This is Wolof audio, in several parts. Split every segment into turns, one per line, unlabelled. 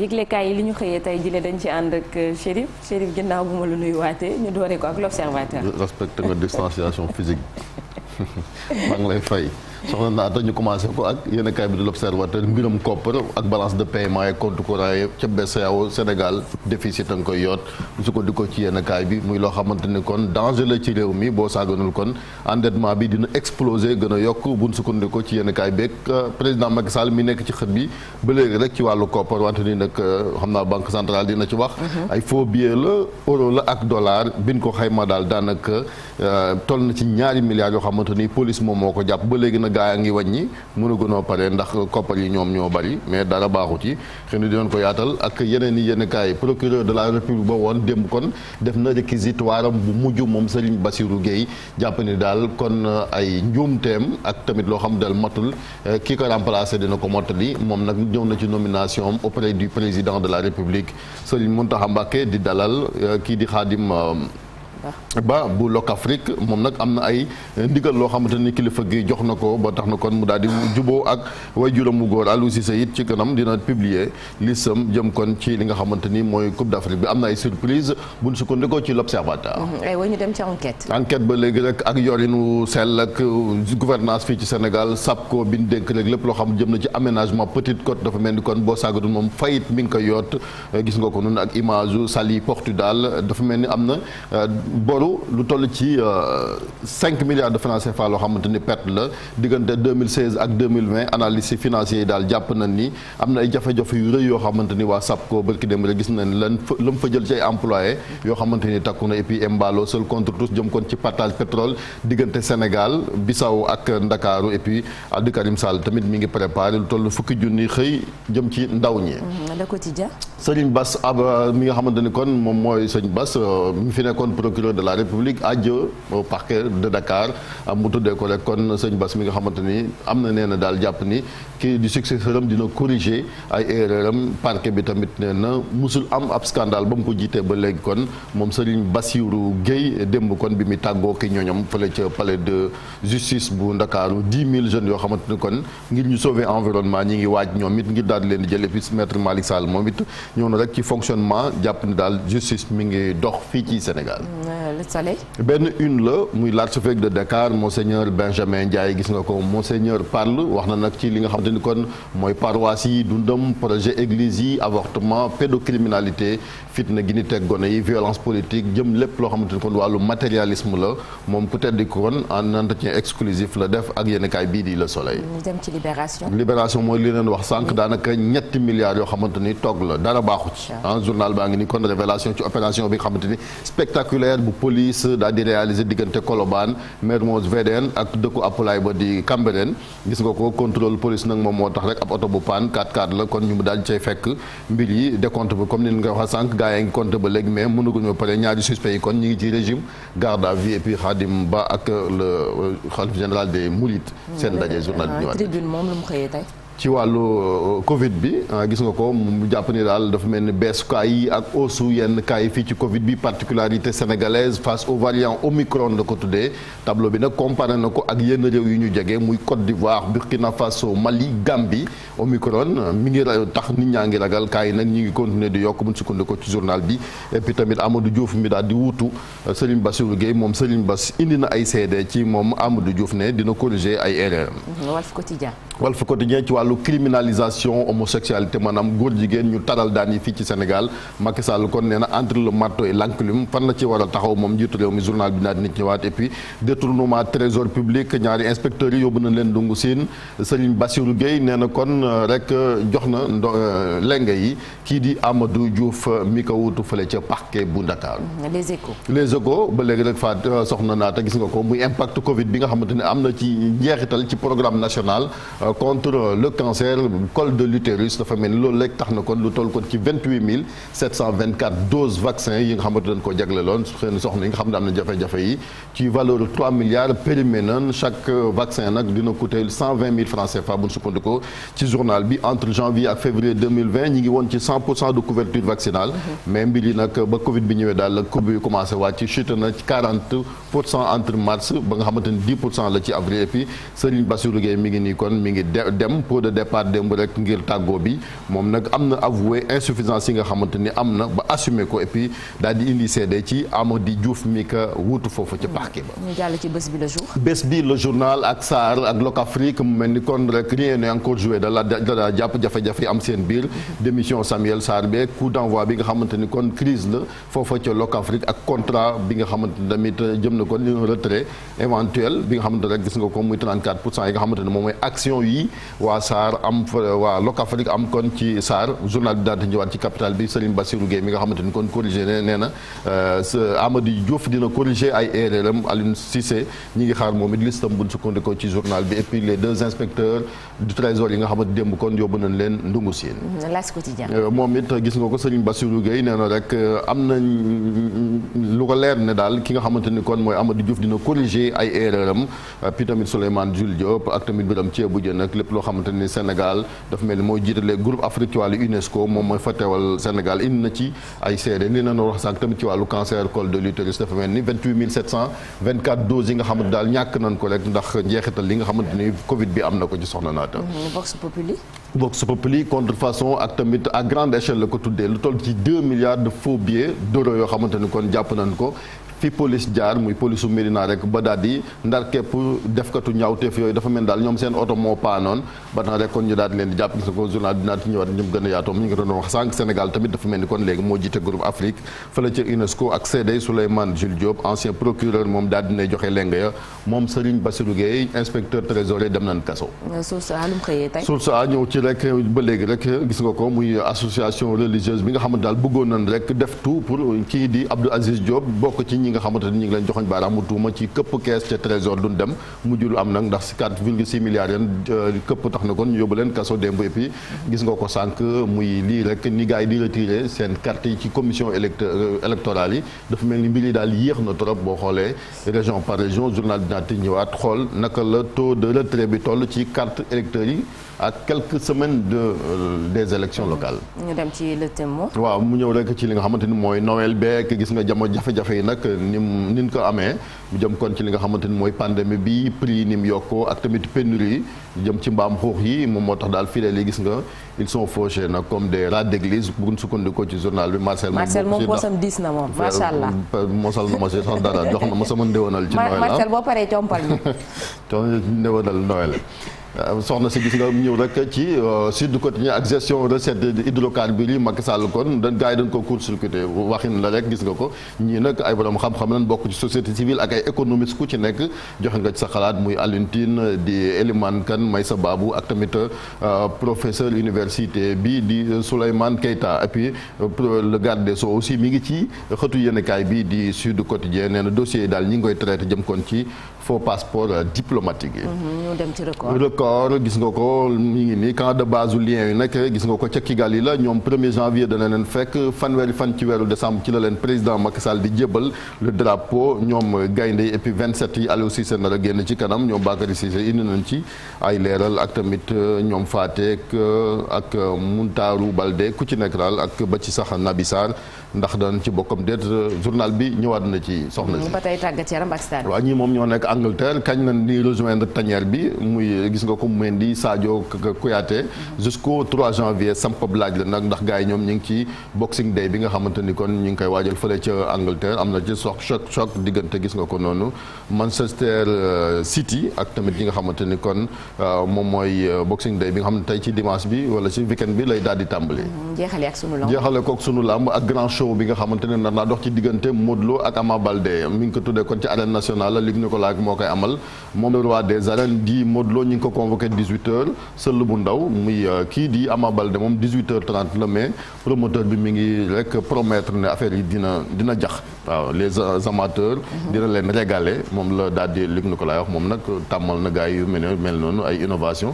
yëglekaay yi li ñu xëyee tey jile dañ ci ànd ak euh, Chérif Chérif ginnaaw bu ma la nuyuwaatee ñu dooree ko ak l'observateur.
respecte nga distanciation physique maa ngi lay fay. soxna naata ñu commencé ko ak yéen a kaay bi de l'observateur mbiram koppar ak balance de paiement yi compte courant yi ca BCEAO Sénégal déficit a koy yoot su ko ci yenn kaay bi muy loo xamante ni kon danger la ci réew mi boo saaganul kon endettement bi dina exploser gën a yokk buñ sukkandiku ci yéen a kaay beeg euh, président Macky Sall mi nekk ci xët bi ba léegi rek ci wàllu koppar wante ni nag euh, xam naa banque centrale dina ci wax mhm. ay faux billet la euro la ak dollar bin ko xayma daal daanaka euh, toll na ci ñaari milliards yoo xamante ni police moom moo ko jàpp ba léegi nag gaa yi ngi wàññi mënu gënoo pare ndax koppal yi ñoom ñoo bari mais dara baaxut yi xëy na doon ko yaatal ak yeneen i yenn kaay procureur de la république ba woon démb kon def na réquisitoire am bu mujj moom Serigne Bassirou Gueye jàpp ni daal kon ay njuumteem ak tamit loo xam dal matul eh, kii ko remplacé dina ko mottali moom nag ñëw na ci nomination am auprès du président de la république Serigne Mountakha Mbacké di dalal eh, kii di Khadim eh, ba bu Locafrique moom nag am na ay ndigal loo xamante ni kilifa gi jox na ko ba tax na kon mu daal di juboo ak way juróom mu góor Aliou Cissé it ci kanam dina publier listam jëm kon ci li nga xamante ni mooy Coupe d'Afrique bi am na ay surprise bu ñu sukkandikoo ci l'Observateur.
aywa mm-hmm. eh, ñu dem ci enquête.
enquête ba léegi rek ak yorinu sell ak euh, gouvernance fii ci Sénégal SAPCO bi ñu dénk rek lépp loo xam jëm na ci aménagement Petite Côte dafa mel ni kon boo saagatul moom fayit mi ngi koy yoot eh, gis nga ko noonu ak image Saly Portudal dafa mel ni am na euh, boru lu toll ci euh, cinq milliards de francs CFA loo xamante diggante ak analyse financier yi daal jàpp nañ ni am na ay jafe-jafe yu rëy yoo xamante ni waa SAPCO dem rek gis nañ lan lan fa ci ay employés yoo xamante ni takku Embalo seul contre tous jëm kon ci partage pétrole diggante Sénégal Bissau ak Ndakaaru et puis Abdou tamit mi ngi préparé lu toll fukki junni xëy jëm ci ndaw ñi. Le quotidien. Serigne procureur de la république adieu au parquet de Dakar am ah, mu tuddee ko rek kon sëñ Bass mi nga xamante ni am na nee na daal jàpp ni kii di successeur am dina corriger ay erreur parquet bi tamit nee na musul am ab scandale ba mu ko jiitee ba léegi kon moom Serigne Bassirou Gueye démb kon bi mu tàggoo ki ñoñom fële ca palais de justice bu Ndakaaru 10 000 jeunes yoo xamante ni kon ngir ñu sauver environnement ñi ngi waaj ñoom it ngir daal di leen di jëlee puis maître Malick Sall moom it ñëw na rek ci jàpp ni daal justice mi ngi dox fii ci Sénégal
mm, Euh, le soleil.
benn une la muy l'archevêque de Dakar monseigneur Benjamin Ndiaye gis nga ko monseigneur parle wax na nag ci li nga xamante ni kon mooy paroisse yi dundam projet église yi avortement pédocriminalité fitna gi ni teg gone yi violence politique jëm lépp loo xamante ni kon wàllu matérialisme la moom ku tedd kon en entretien exclusif la def ak yenn kaay bii di la soleil.
ñu dem ci libération.
libération mooy li leen wax sànq daanaka ñetti milliards yoo xamante ni toog la dara baaxu ci. Ah, journal baa ngi ni kon révélation ci bi nga xamante bu police daal di diggante Colobane Mermoz VDN ak dëkku Apulaay ba di Cambérène gis nga ko contrôle police nag moom moo tax rek ab oto bu paan 4x4 la kon ñu mu daal di fekk mbir yi décompte bi comme ni nga waxee sànq gars yi ngi ba léegi mais mënaguñu ba pare ñaari suspect yi kon ñu ngi ci régime garde à vue et puis Khadim Ba ak le xalif euh, général des Mourides seen daje journal bi ñëwaat ah, tribune moom ci wàllu euh, Covid bi ah, gis nga ko mu jàpp ni daal dafa mel ni beesukaay yi ak osu yenn kaay fii ci Covid bi particularité sénégalaise face au variant Omicron la ko tuddee tableau bi nag comparé na ko ak yenn réew yu ñu jege muy Côte d'Ivoire Burkina Faso Mali Gambie Omicron mi ngi tax nit ñaa ngi ragal kaay yi nag ñu ngi continuer di yokk mun sukkandiku ci journal bi et puis tamit Amadou Diouf mi daal di wuutu euh, Serigne Bassirou Gueye moom Serigne Bass indi na ay seede ci moom Amadou Diouf ne dina corriger ay Walf Quotidien ci wàllu criminalisation homosexualité maanaam góor jigéen ñu taral daan yi fii ci Sénégal Macky Sall kon nee na entre le marteau et l'enclume fan na ci war a taxaw moom njiitu réew mi journal bi naa nit ñëwaat et puis détournement trésor public ñaari inspecteurs yi yóbbu na leen dungu siin Serigne Bassirou Gueye nee na kon euh, rek euh, jox na euh, leng yi kii di Amadou Diouf mi ko wutu fële ca parquet bu Ndakaaru les échos les échos ba léegi rek faat soxna naata gis nga ko muy impact Covid bi nga xamante ne am na ci njeexital ci programme national Euh, contre le cancer col de l'utérus dafa mel ni loolu léegi tax na kon lu toll kon ci 28724 724 doses vaccin yi nga xamante dañ ko jagleloon seen soxna yi nga xam ne am na jafe-jafe yi ci valeur milliards périmé chaque euh, vaccin nag dina coûter 120 000 francs CFA bu ñu ci journal bi entre janvier ak février ñi ngi woon ci de couverture vaccinale mm-hmm. mais mbir nag ba Covid bi ñëwee daal la courbe yi commencé wàcc ci chute na ci 40 mi dem pour de départ démb rek ngir tàggoo bi moom nag am na avoué insuffisance yi nga xamante am na ba assumer ko et daal di indi seede ci Amady Diouf mi ka wuutu foofu ci parquet ba.
ñu jàll ci bés
bi le journal ak SAR ak Locafrique mu mel ni kon rek rien encore joué da la da la jàpp jafe-jafe am seen biir démission Samuel Sarr bi coup d'envoi bi nga xamante kon crise la foofa ca Locafrique ak contrat bi nga xamante ni jëm na kon un retrait région yi waa SAR am waa Locafrique am kon ci SAR journal bi daante ñëwaat ci capital bi Serigne Bassirou Gueye mi nga xamante ni kon corrigé ne nee na euh, Amady Diouf dina corrigé ay erreur am Alioune Cissé ñi ngi xaar moom it listam buñ sukkandikoo ci journal bi et puis les deux inspecteurs du trésor yi nga xamante démb kon yóbbu nañ leen ndungu siin
mmh,
euh, moom it gis nga ko Serigne Bassirou Gueye nee na rek euh, am na lu ko leer ne daal ki nga xamante kon mooy Amady Diouf dina corrigé nag lépp loo xamante Sénégal dafa mel ni mooy jiitale groupe Afrique ci wàllu UNESCO moom mooy fa Sénégal indi ci ay seede li nañu wax sànq tamit ci wàllu cancer col de l'utérus dafa mel ni yi nga xamante daal ñàkk nañ ko rek ndax njeexital li nga xamante Covid bi am na ko ci soxna naata. Mm-hmm. Vox Populi. Vox Populi contrefaçon ak tamit à grande échelle la ko tuddee lu toll ci milliards de faux billets yoo xamante kon jàpp fi police jaar muy police Médina rek ba daal di ndar defkatu ñaawteef yooyu dafa mel daal ñoom seen oto moo paanoon ba tax rek kon ñu daal di jàpp nga ko journal dinaa ci ñëwaat ñoom gën a yaatoom ñu ngi doon wax sànq jiite groupe Afrique fële ca UNESCO ak CD Souleymane Jules Diop ancien procureur moom daal dinay joxe leng ya moom Serigne Bassirou Gueye inspecteur trésorier dem nañ kaso euh, source a ñëw ci rek ba léegi rek gis nga ko muy association religieuse nga xamante ni ñu ngi leen joxoñ baaraamu tuuma ci këpp kees ca trésor duñ dem mujjul am nag ndax euh, këpp tax na kon ñu yóbbu leen kaso démb et gis nga ko sànq muy lii rek ni gars yi di retiré seen carte yi ci commission élect euh, électorale yi dafa mel ni mbir yi daal yéex na trop boo xoolee région par région journal dina ti ñëwaat xool naka la taux de retrait bi toll ci carte électeurs yi ak quelques semaines de euh, des élections locales.
ñu
waaw mu ñëw rek ci li nga xamante ni mooy Noël beek gis nga jamono yi nag. ni mu ni ko amee mu jëm kon ci li nga xamante ni mooy pandémie bi prix yi ni mu yokkoo ak tamit pénurie yi jëm ci mbaam xuux yi moom moo tax daal fidèles yi gis nga ils sont fauchés nag comme des rats d'église buñ sukkandikoo ci journal bi Marcel moom poosam
na moom macha allah
mosal na ma si sax dara jox na ma sama ndéwanal ci Noël ah. Marcel
boo paree compal mi
ndéwanal Noël Euh, soxna si gis nga ñëw rek ci euh, Sud Quotidien ak gestion recette hydrocarbures yi Macky Sall kon dañ gars yi dañ ko court-circuité waxin la rek gis nga ko ñii nag ay borom xam-xam lañ bokk ci société civile ak ay économistes ku ci nekk joxe nga ci sa xalaat muy Alioune Tine di Elimane Kane Maysa Babou ak tamit euh, professeur université bi di Souleymane Keita et puis le garde des so aussi mi ngi ci xëtu yéenekaay bi di Sud Quotidien nee na dossier yi daal ñi ngi koy traité jëm kon ci faux passeport diplomatique yi.
Mmh,
Ziguinchor gis nga ko mi ngi nii camp de base lien yi nekk gis nga ko ca Kigali la ñoom 1er janvier dana leen fekk fanweeri fan ci weeru décembre ci la leen président Macky Sall di jébbal le drapeau ñoom gaynde et puis yi Aliou Cissé nar a génn ci kanam ñoom Bakary Cissé indi nañ ci ay leeral ak tamit euh, ñoom Fatek ak euh, euh, Muntaaru Balde ku ci nekk daal ak ba ci sax Nabi Sarr ndax danañ ci bokkam déet journal bi ñëwaat na ci soxna si. ba tey ñii moom Gakou Mendy Sadio Kouyaté jusqu'au 3 janvier sampab laaj la nag ndax gars yi ñoom ñu ngi ci boxing day bi nga xamante ni kon ñu ngi waajal fële ca Angleterre am na ci sox choc diggante gis nga ko noonu Manchester euh, City ak tamit ñi nga xamante kon euh, moom mooy euh, boxing day bi nga xam ne tey ci dimanche bi wala ci weekend bi lay daal di tàmbali. Mm,
jeexale ak sunu lamb
jeexale kook sunu lamb ak grand show bi nga xamante ne nar naa dox ci diggante Modou Lo ak Ama Baldé mi ngi ko tuddee kon ko convoqué 18 heures sëll bu ndaw muy euh, kii di Ama Baldé moom 18 heures 30 la mais promoteur bi mi ngi rek promettre ne affaire yi dina dina jax waaw les amateurs. Mhm. dina leen régaler moom la daal di ko Nicolaï wax moom nag tàmmal na gars yi yu mel noonu ay innovation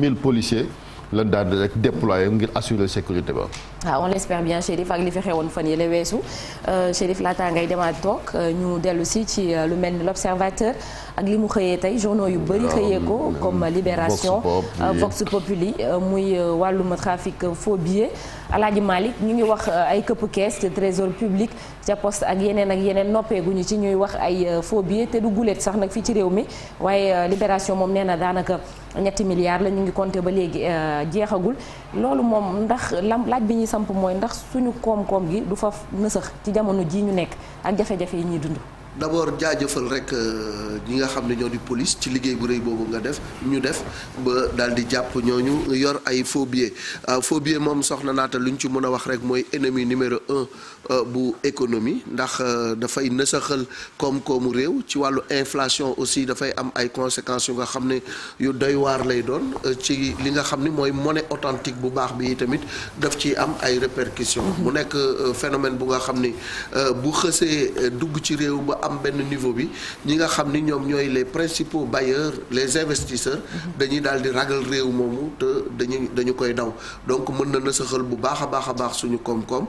mille policiers. lan daal di rek déployer ngir assurer sécurité ba.
waaw on l'espère bien Chérif ak li fi xewoon fan yële weesu euh, Chérif laata ngay demaat toog euh, ñu dellu si ci euh, lu mel ni l'observateur ak li mu xëyee tey journaux yu bëri xëyee ko mm, comme Libération Vox Populi muy wàllum trafic faux billets Alaaji Malick ñu ngi wax euh, ay këpp kees ci trésor public ca poste ak yeneen ak yeneen noppeeguñu ci ñuy wax ay faux euh, te du guleet sax nag fii ci réew mi waaye euh, libération moom nee na daanaka ñetti milliards la ñu ngi compté ba léegi jeexagul loolu moom ndax lam laaj bi ñuy samp mooy ndax suñu koom-koom gi du fa nësax ci jamono jii ñu nekk ak jafe-jafe yi ñuy dund
d'abord jaajëfal rek euh, ñi nga xam ne ñoo di police ci liggéey bu rëy boobu nga def ñu def ba daal di jàpp ñooñu yor ay faux billets euh, faux moom soxna naata lu ñu ci mën a wax rek mooy ennemi numéro un Euh, bu économie ndax euh, dafay nësaxal koom-koomu réew ci wàllu inflation aussi dafay am ay conséquences yu nga xam ne yu doy waar lay doon euh, ci li nga xam ni mooy monnaie authentique bu baax bi tamit daf ci am ay répercussions. Mhm. mu nekk phénomène bu nga xam ni bu xësee dugg ci réew ba am benn niveau bi ñi nga xam ni ñoom ñooy les principaux bailleurs les investisseurs. Mhm. dañuy daal di ragal réew moomu te dañu dañu koy daw donc mën na nësaxal bu baax a baax a baax suñu koom-koom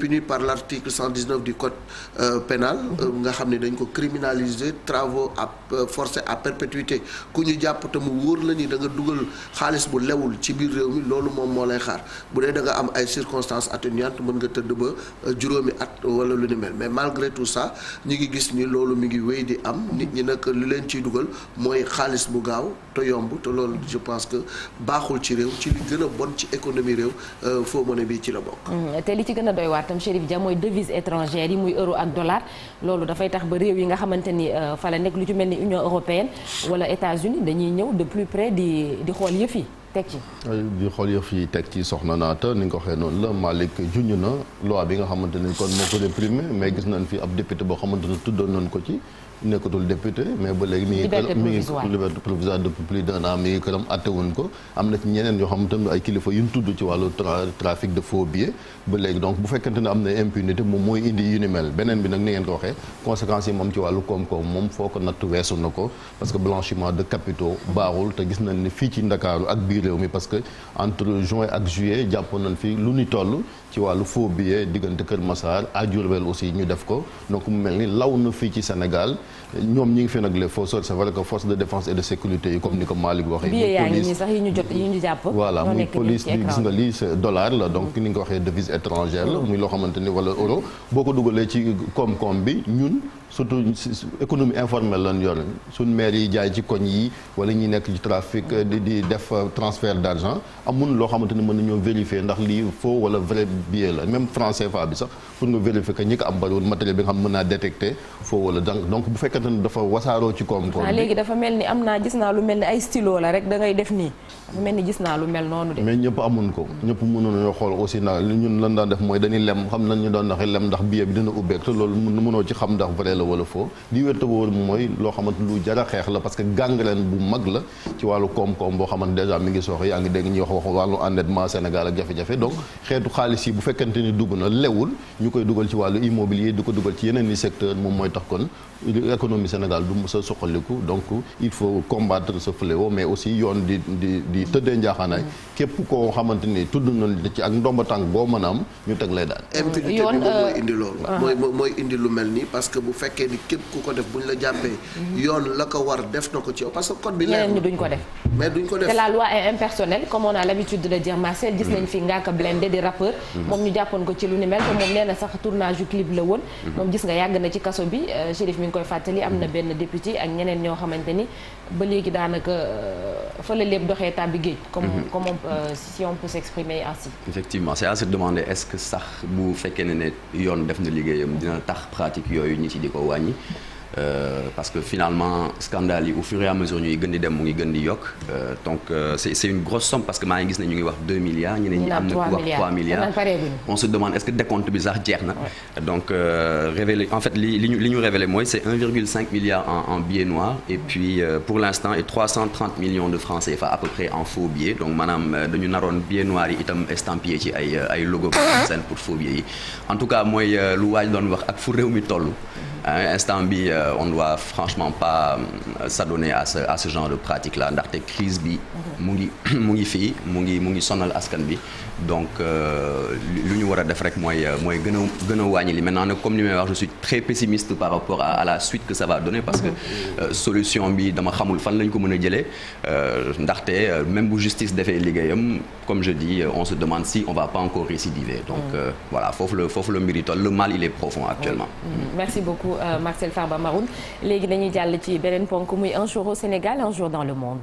puni par l'article 119 du code euh, pénal euh, nga xam ne dañ ko criminaliser travaux ab euh, force à perpétuité ku ñu jàpp te mu wóor la ni da nga dugal xaalis bu lewul ci biir réew mi loolu moom moo lay xaar bu dee danga nga am ay circonstances atténuantes mën nga tëdd ba juróomi at wala lu ni mel mais malgré tout ça ñi ngi gis ni loolu mi ngi wéy di am nit ñi nag lu leen ciy dugal mooy xaalis bu gaaw te yomb te loolu je pense que baaxul ci réew ci li gën bon ci économie réew foo mën bii ci la bokk
mm, itam Chérif Dia mooy devise étrangère yi muy euro ak dollar loolu dafay tax ba réew yi nga xamante ni euh, fa la nekk lu ci mel ni Union européenne wala États-Unis dañuy ñëw de plus près di xool yëf yi teg ci.
Euh, di xool yëf yi teg ci soxna naata ni nga ko waxee noonu la Malick junj na loi bi nga xamante kon moo ko réprimer mais gis nañ fi ab député boo xamante ni tuddoon nañ ko ci. nekkatul député mais ba léegi mi ngi këram mi ngi liberté provisoire depuis plus d'un an mi ngi këram attewuñ ko am na ci ñeneen yoo xam tamit ay kilifa yu ñu tudd ci wàllu trafic de faux billets ba léegi donc bu fekkente ne am na impunité moom mooy indi yu ni mel beneen bi nag ni ngeen ko waxee conséquences yi moom ci wàllu koom-koom moom foo ko natt weesu na ko parce que blanchiment de capitaux baaxul te gis na ni fii ci Ndakaaru ak biir réew mi parce que entre juin ak juillet jàpp nañ fii lu ni toll ci wàllu faux billets diggante Kër Massar à Diourbel aussi ñu def ko donc mu mel ni law na fii ci Sénégal ñoom ñi ngi fi nag les forces c'est vrai que force de défense et de sécurité yi comme ni ko Malick waxee. muy
police sax gis nga
lii dollar la donc ni nga ko waxee devise étrangère la muy loo xamante ni wala euro boo ko dugalee ci koom-koom bi ñun surtout économie informelle lañ yor suñ maire yi jaay ci koñ yi wala ñi nekk ci trafic euh, di di def euh, transfert d'argent amul loo xamante ni mën ñoo vérifier ndax lii faux wala vrai billet la même franc CFA bi sax pour nga am bariwul matériel bi nga xam mën naa détecter faux wala donc fekkente ne dafa wasaaroo ci koom-koom bi ah, léegi
dafa mel ni am naa gis naa lu mel ni ay stylo la rek dangay def nii dafa mel ni gis naa lu mel noonu de
mais ñëpp amun ko ñëpp mënoon xool aussi lu ñun lan daan def mooy dañuy lem xam nañ ñu doon naxe lem ndax billet bi dina ubbeek te loolu mënoo ci xam ndax vrai la wala faux di wér te mooy loo xamante lu jara xeex la parce que gangrène bu mag la ci wàllu koom-koom boo xamante déjà mi ngi sooxe yaa ngi dégg ñuy wax wax wàllu endettement Sénégal ak jafe-jafe donc xeetu xaalis yi bu ni dugg na lewul ñu koy dugal ci wàllu immobilier di ko dugal ci yeneen ni secteur moom mooy tax kon économie Sénégal du mës a soxaliku donc il faut combattre ce fléau mais aussi yoon di di di tëddee njaaxaanaay képp koo xamante ni tudd na ci ak ndomba tànk boo mën a am ñu teg lay daal.
Euh, la jàppee. Mhm. yoon la ko war def na ko ci parce
que comme on a l'habitude de le dire gis nañ fi mhm. Ngaaka Blindé di rappeur. Mhm. moom ñu jàppoon ko ci lu ni mel te moom nee sax tournage clip la woon. moom gis nga yàgg na ci kaso bi euh, Chérif mi ngi koy fàttali am na mhm. benn député ak ñeneen ñoo xamante ni ba léegi daanaka euh, fa la lépp doxee tàbbi géej. comme mhm. comme on euh, si on peut s'exprimer ainsi.
effectivement c'est à se demander est-ce que sax bu fekkee ne ne yoon def na liggéeyam dina tax pratique yooyu ñi ci di ko wàññi. Euh, parce que finalement scandale yi au fur et à mesure ñuy gën di dem mu ngi gën di yokk euh, donc euh, c'est une grosse somme parce que maa ngi gis ne ñu ngi wax 2 milliards. ñu ne ñu am sax jeex na. donc li li li ñu révélé mooy c'est 1,5 milliard en en billets noirs et puis pour l'instant et millions de francs CFA à peu près en faux donc maanaam dañu naroon billets noirs yi itam estampillé ci ay ay logo seen pour faux yi en tout cas mooy lu waaj doon wax ak fu réew mi toll mm-hmm. instant euh, on ne doit franchement pas euh, sa à ce à ce genre de pratique là ndaxte crise bi mu ngi mu ngi fii mu ngi mu ngi sonal askan bi donc euh, lu ñu war a def rek mooy euh, mooy gën a gën a wàññi li maintenant nag comme li may wax je suis très pessimiste par rapport à, la suite que ça va que mhm. euh, solution bi dama xamul fan lañ ko mën a jëlee ndaxte même bu justice defee liggéeyam comme je di on se demande si on va pas encore récidiver donc mm. euh, voilà foofu la foofu la mbiri toll le mal il est profond actuellement
mm. Maroun léegi dañuy jàll ci beneen ponk muy un jour au Sénégal un jour dans le monde.